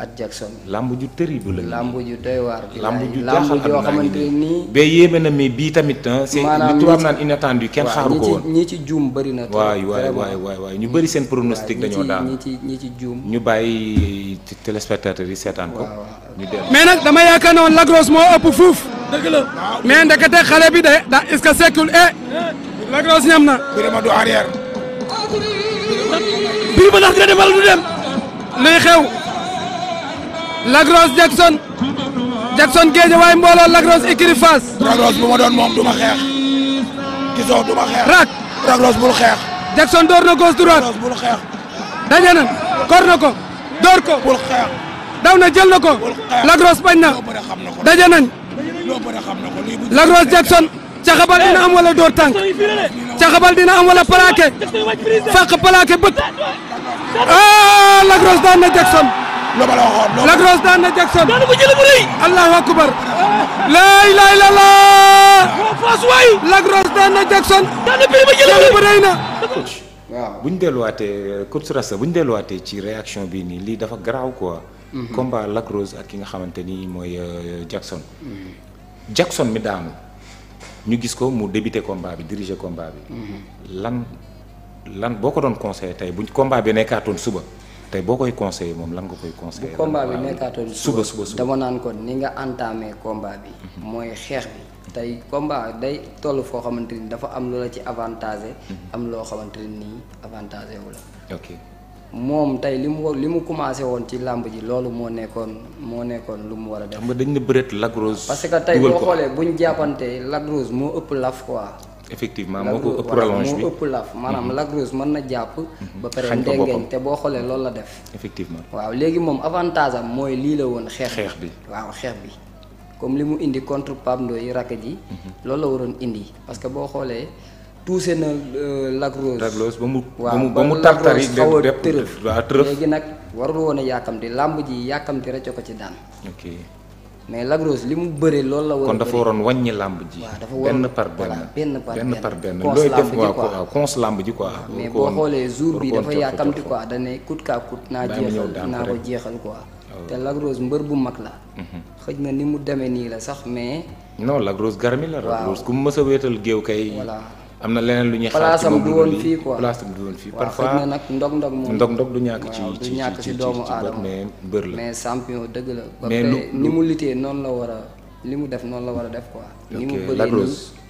at Jackson. lamb ju terrible la. lamb ju doy ju jaaxal ak joo xamante nii. ba yéeme na mais bii tamit ah. maanaam li tubaab naan inattendu kenn xaaru woon ñi ci juum bëri na. waay waay waay waay ñu bëri seen pronostic dañoo daal ñi ci ñi ci ñu bàyyi téléspectateurs yi seetaan ko. ñu mais nag dama yaakaar noonu Lac Rose moo ëpp fuuf. dëgg la mais xale bi de da est-ce que sekkul eh. Lac ñam na. Birima du arrière. Birima ndax dina dem wala du dem. luy xew. Lagros Jackson Jackson géej waaye mbooloo Lagros écurie Fass. Lagros bu ma doon moom du ma xeex gisoo rak Lagros bul xeex. Jackson door na gauche droite Lagros bul xeex. daje na kor na ko door ko. daw na jël ko. bul xeex Lagros bañ na. daje nañ. Lagros Jackson. caxabal dina am wala door tànk caxabal dina am wala plaqué fàq plaqué bët ah Lagros daan na Jackson. la ma Rose daan Jackson. daan ko jëlee bu rëy. allahu akbar. la ilaha illallah. waaw Fass delluwaatee coach Rassa bu ñu delluwaatee ci réaction bi nii lii dafa garaaw quoi. Mhm. combat Lac Rose ak ki nga xamante ni mooy euh, Jackson. Jackson mi daanu ñu gis ko mu débuté komba bi diriger combat bi. Mhm. lan lan boo ko doon conseillé tey buñ combat bi nekkaatoon suba. tey boo koy conseillé moom lan nga koy conseillé. bu combat bi nekkaatoon suba suba suba dama naan kon ni nga entamé combat bi. Mhm. mooy xeex bi. tey combat day toll foo xamante ni dafa am lu ci avantage. Mhm. am loo xamante ni avantage wu la. ok moom tey li mu li mu commencé woon ci làmb ji loolu moo nekkoon moo nekkoon lu mu war a def. xam nga dañ ne parce que tey boo xoolee bu ñu jàppante Lac moo ëpp laf quoi. effectivement moo ko ëpp prolonge laf mhm. maanaam Lac mën na jàpp. ba mhm. pare ndengeñ te boo xoolee loolu la def. effectivement waaw léegi moom avantage am mooy lii la woon xeex xeex bi waaw xeex bi. comme li mu indi contre Pape yi rakk ji. Mhm. loolu la waroon indi parce que boo xoolee tuuse na euh, Lac Rose. Lac Rose ba mu ba mu ba mu tartari xaw a tërëf léegi nag warul woon a yàkkamti làmb ji yàkkamti rek ko ci daan. ok mais Lac li mu bëree loolu la war kon dafa waroon wàññi làmb ji. benn par benn benn par benn. looy def waaw cons làmb ji quoi. mais boo xoolee jour bi dafa yàkkamti quoi da ne coûte que coûte naa jeexal naa ko jeexal quoi. Oh. te lagros mbër bu mag la. Mhm. xëj na ni mu demee nii la sax mais. non Lac garmi la. waaw Lac Rose ku mu mës a wéetal géew kay. am na leneen lu ñuy xaar ci moom du woon fii quoi place am du woon fii parfois nag ndog-ndog moom ndog-ndog du ñàkk ci doomu aadama mais mbër la mais champion dëgg la. ba pare ni mu litee noonu la war a li mu def noonu la war a def quoi. ni mu bëree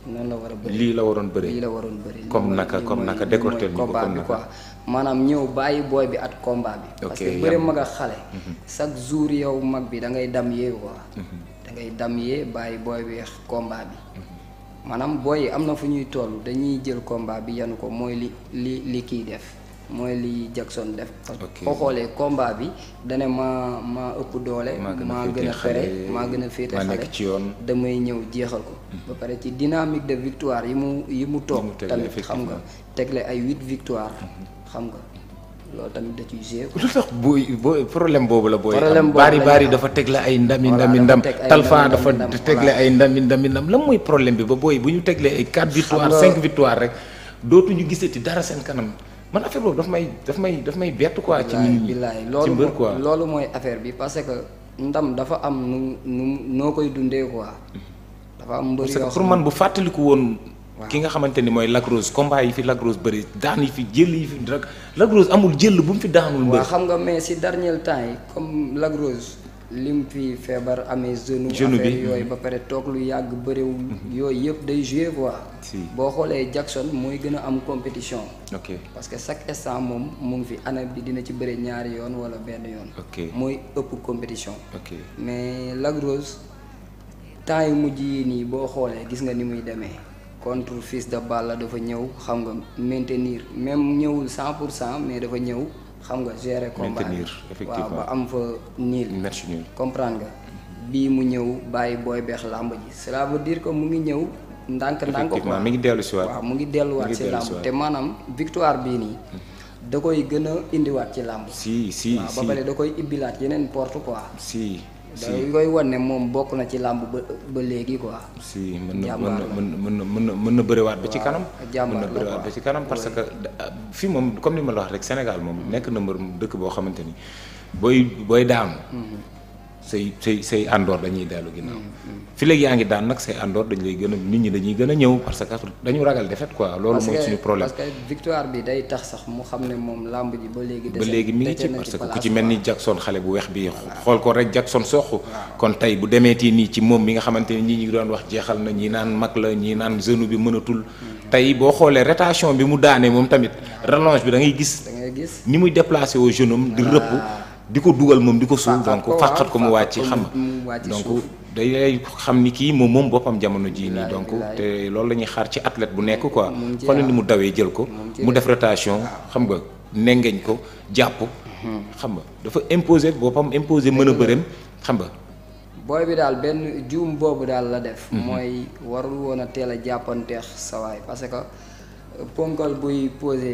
noonu la war a bëree lii la waroon bëree lii la waroon bëree. comme naka comme naka décorté ñu ko combat bi quoi maanaam ñëw bàyyi booy bi at combat bi. parce que bëri mag a xale. Mhm. chaque jour yow mag bi dangay ngay dam yee quoi. Mhm. da ngay dam yee bàyyi booy bi combat bi. Mhm. maanaam booy am na fu ñuy toll dañuy jël combat bi yanu ko mooy li li li kii def mooy li Jackson def. ok boo xoolee combat bi dana maa maa ëpp doole. maa gën a xere maa gën a féete xale ci yoon damay ñëw jeexal ko. Hmm. ba pare ci dynamique de victoire yi mu yi mu toog. tamit xam nga tegle ay huit victoire. Hmm. xam nga. loolu tamit da ciy gérer. lu tax booy booy problème boobu la. booy am baari baari dafa tegle ay ndami ndami ndam. talfa dafa tegle ay ndami ndami ndam lan mooy problème bi ba booy bu ñu teglee ay 4 victoire 5 victoire rek dootuñu gisati dara seen kanam. man affaire boobu daf may daf may daf may bett quoi. ci ci mbër quoi loolu mooy affaire bi parce que ndam dafa am nu nu noo koy dundee quoi. Mhm. dafa am mbër yoo ki nga xamante ni mooy Lac Rose combat yi fi Lac Rose bëri daan yi fi jël yi fi rek Lac Rose amul jël bu mu fi daanul. mbër xam nga mais si dernier temps comme Lac Rose lim fi feebar amee genou bi yooyu ba pare toog lu yàgg bëriwul mhm. yooyu yëpp day joué quoi boo xoolee Jackson mooy gën a am compétition ok parce que chaque instant moom mu ngi fi année bi dina ci bëri ñaari yoon wala benn yoon ok mooy ëpp compétition ok mais Lac Rose temps yu mujj yi nii boo xoolee gis nga ni muy demee contre fils de Balla dafa ñëw xam nga maintenir même ñëwul 100 pour cent mais dafa ñëw xam nga gérer combat bi waaw ba am fa niil comprendre nga bii mu ñëw bàyyi booy beex làmb ji cela veut dire que mu ngi ñëw ndànk ndànk quoi mi ngi dellu si waat mu ngi delluwaat si làmb te maanaam victoire bii nii da koy gën indiwaat ci làmb si si waaw ba pare da koy ibbilaat yeneen porte quoi si koy wan ne moom bokk na ci làmb ba ba léegi quoi. si mën na mën na mën na mën na bëriwaat ba ci kanam. mën na bëriwaat ba ci kanam parce que euh, fii moom comme ni ma la wax rek Sénégal moom nekk na mbër dëkk boo xamante ni booy booy daanu. Mm-hmm. say say say àndoor dañuy dellu ginnaaw. Mm, mm. fi léegi yaa ngi daan nag say àndoor dañu lay gën a nit ñi dañuy gën a ñëw parce que dañu ragal defet quoi. loolu mooy suñu problème parce que bi day tax sax mu xam ne moom làmb ji ba léegi. ba léegi mi ngi parce que ku ci mel ni Jackson xale bu weex bi xool ko rek Jackson soxu kon tey bu demeeti nii ci moom mi nga xamante ni ñi ñu doon wax jeexal na ñi naan mag la ñi naan jeune bi mënatul. Mm-hmm. tey boo xoolee rétention bi mu daanee moom tamit rallonge bi da ngay gis. da ngay gis ni muy déplacé au jeune am di rëpp di ko dugal moom di ko suuf donc fàqat ko mu wàcc xam donc day xam ni kii moom moom boppam jamono jii nii donc te loolu la ñuy xaar ci athlète bu nekk quoi xoolal ni mu dawee jël ko mu def rotation xam nga nengeñ ko jàpp mhm. xam nga dafa imposer boppam imposer mën a bërëm xam nga booy bi daal benn juum boobu daal la def mhm. mooy warul woon a teel a jàppanteex sawaay parce que ponkal buy posé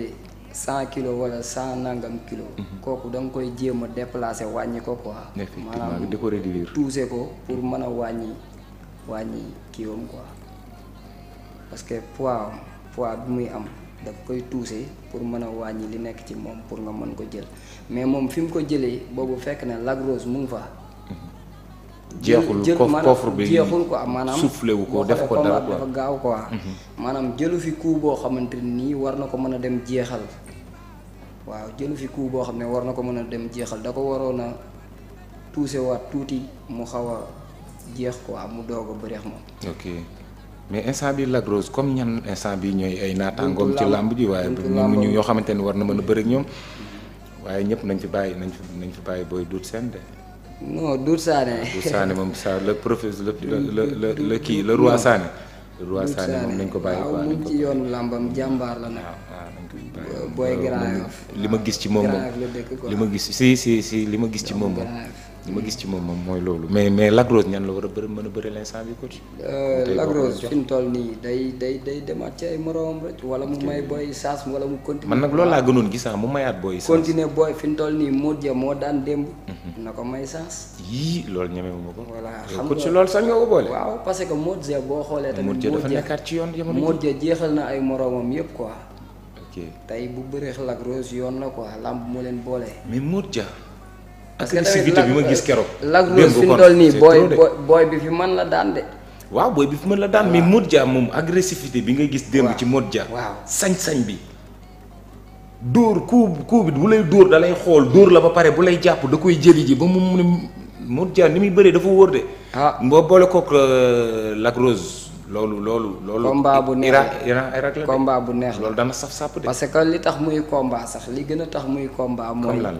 cent kilos wala cent nangam kilo mhm. kooku da nga koy jéem a déplacer wàññi ko quoi. maanaam di ko réduire. tuuse ko pour mën a wàññi wàññi kiiwam quoi parce que poids poids bi muy am da koy tuuse pour mën a wàññi li nekk ci moom pour nga mën ko jël mais moom fi mu ko jëlee boobu fekk na lagrose mu ngi fa. Mhm. jeexul coffre bi jeexul quoi maanaam soufflé wu ko def ko dara quoi dafa gaaw quoi. Mhm. maanaam jëlu fi coup boo xamante nii war na ko mën a dem jeexal. waaw jëlu fi coup boo xam ne war na ko mën a dem jeexal da ko waroon a touché waat tuuti mu xaw a jeex quoi mu doog a bëreex moom. ok mais instant bi Lac comme ñan instant bi ñooy ay naataangoom ci làmb ji waaye ñoom ñu ñoo xamante ne war na mën a bëri ñoom waaye ñëpp nañ fi bàyyi nañ fi nañ fi bàyyi booy duut seen de. non duut Sané. duut Sané moom sa la professeur le le le kii le roi Sané. Roi Sané moom nañ ko bàyyi waaw mu ngi ci jàmbaar la nag. Ah, ah, booy Garaaf li ma gis ci moom moom li ma gis si si si li ma gis ci moom moom. ma gis ci moom moom mooy loolu mais mais Lac Rose ñan la war a bëri mën a bëri l'instant bi coach. Euh, Lac Rose fi nii day day day demaat ci ay moroom rek. wala mu may booy chance wala mu continuer. man nag loolu laa gënoon gis ah, mu mayaat booy. chance continuer booy fi mu toll nii Modou Dia moo daan démb. Mhm. na ko may chance. yii loolu ñemewu ma ko. voilà xam nga coach loolu sax nga ko boole. waaw parce que Modou boo xoolee. tamit Modou Dia dafa nekkaat ci yoon jamono Modou Dia na ay moroomam yëpp ko ok tey bu bëree Lac Rose yoon na ko lamb moo leen boole. mais Modou ja parce que tamit bi ma gis keroog. Lac Rose fi mu nii booy booy bi fi mën la daan de. waaw booy bi fi mën la daan mais Modou Dia moom agressivité bi nga gis. démb ci Modou Dia. waaw sañ-sañ bi. dóor kuu kuu bi bu lay dóor da lay xool dóor la ba pare bu lay jàpp da koy jëli ji ba mu mun a Modou Dia ni muy bëree dafa wóor de. ah boo boole kook euh, Lac loolu loolu loolu. combat bu neex la combat bu neex loolu dana saf sàpp de. parce que li tax muy komba sax li gën a tax muy combat. mooy la.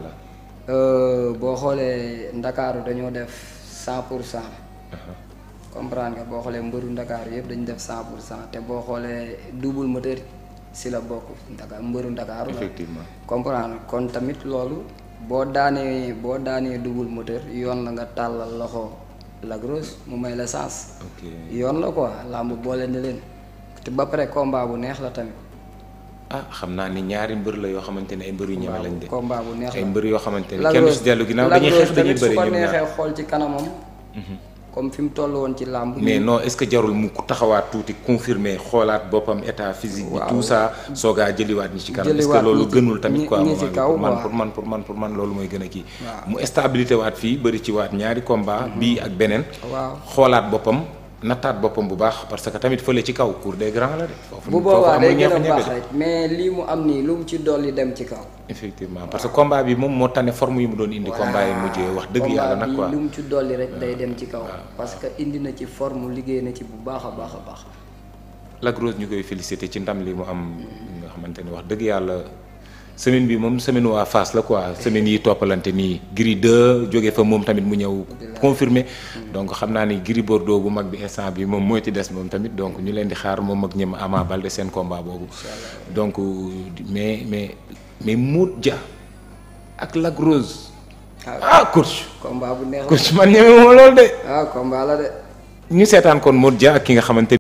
Euh, boo xoolee ndakaaru dañoo def cent pour cent comprendre boo xoolee mbëru ndakaaru yëpp dañu def cent pour cent te boo xoolee double moteur si la bokk ndakaar mbëru ndakaaru la effectivement comprendre kon tamit loolu boo daanee boo daanee double moteur yoon la nga tàllal loxo la grosse mu may la sens yoon la quoi làmb boole na leen te ba pare combat bu neex la tamit ah xam naa ne ñaari mbër la yoo xamante ne ay mbër yu ñeme lañ de. combat bu neex la ay mbër yoo xamante ne kenn du si dellu ginnaaw dañuy xeex dañuy bëri ñoom xool ci kanamam. Mhm. comme fi mu toll woon ci làmb. mais non est-ce que jarul mu taxawaat tuuti confirmer xoolaat boppam état physique. bi tout ça soogaa jëliwaat ñi ci kanam. est-ce que loolu gënul tamit quoi pour man man pour man pour man loolu mooy gën a kii. mu stabilité waat fii bëri ci ñaari combat mhm. bii ak beneen. xoolaat boppam. nattaat boppam bu baax parce que tamit fële ci kaw cour des grands la de. foofu bu boobaa rek mais lii mu am nii lu mu ci dolli dem ci kaw. effectivement parce que combat bi moom moo tane forme yu mu doon indi. combat yi mujjee wax dëgg yàlla nag. quoi lu mu ci dolli day dem ci kaw. parce que indi na ci forme liggéey na ci bu baax a baax a baax. Lac Rose ñu koy félicité ci ndam li mu am. Mm-hmm. nga xamante ni wax dëgg yàlla. semaine bi moom semaine waa Fass la quoi semaine yi toppalante nii Gris 2 jóge fa moom tamit mu ñëw confirmé donc xam naa ni Gris Bordeaux bu mag bi instant bi moom mooy ci des moom tamit donc ñu leen di xaar moom ak ñëm Ama Baldé seen combat boobu donc mais mais mais Modou Dia ak Lac Rose ah, ah coach combat bu neex coach moom loolu ah, de ñu seetaan kon Modou Dia ak ki nga xamante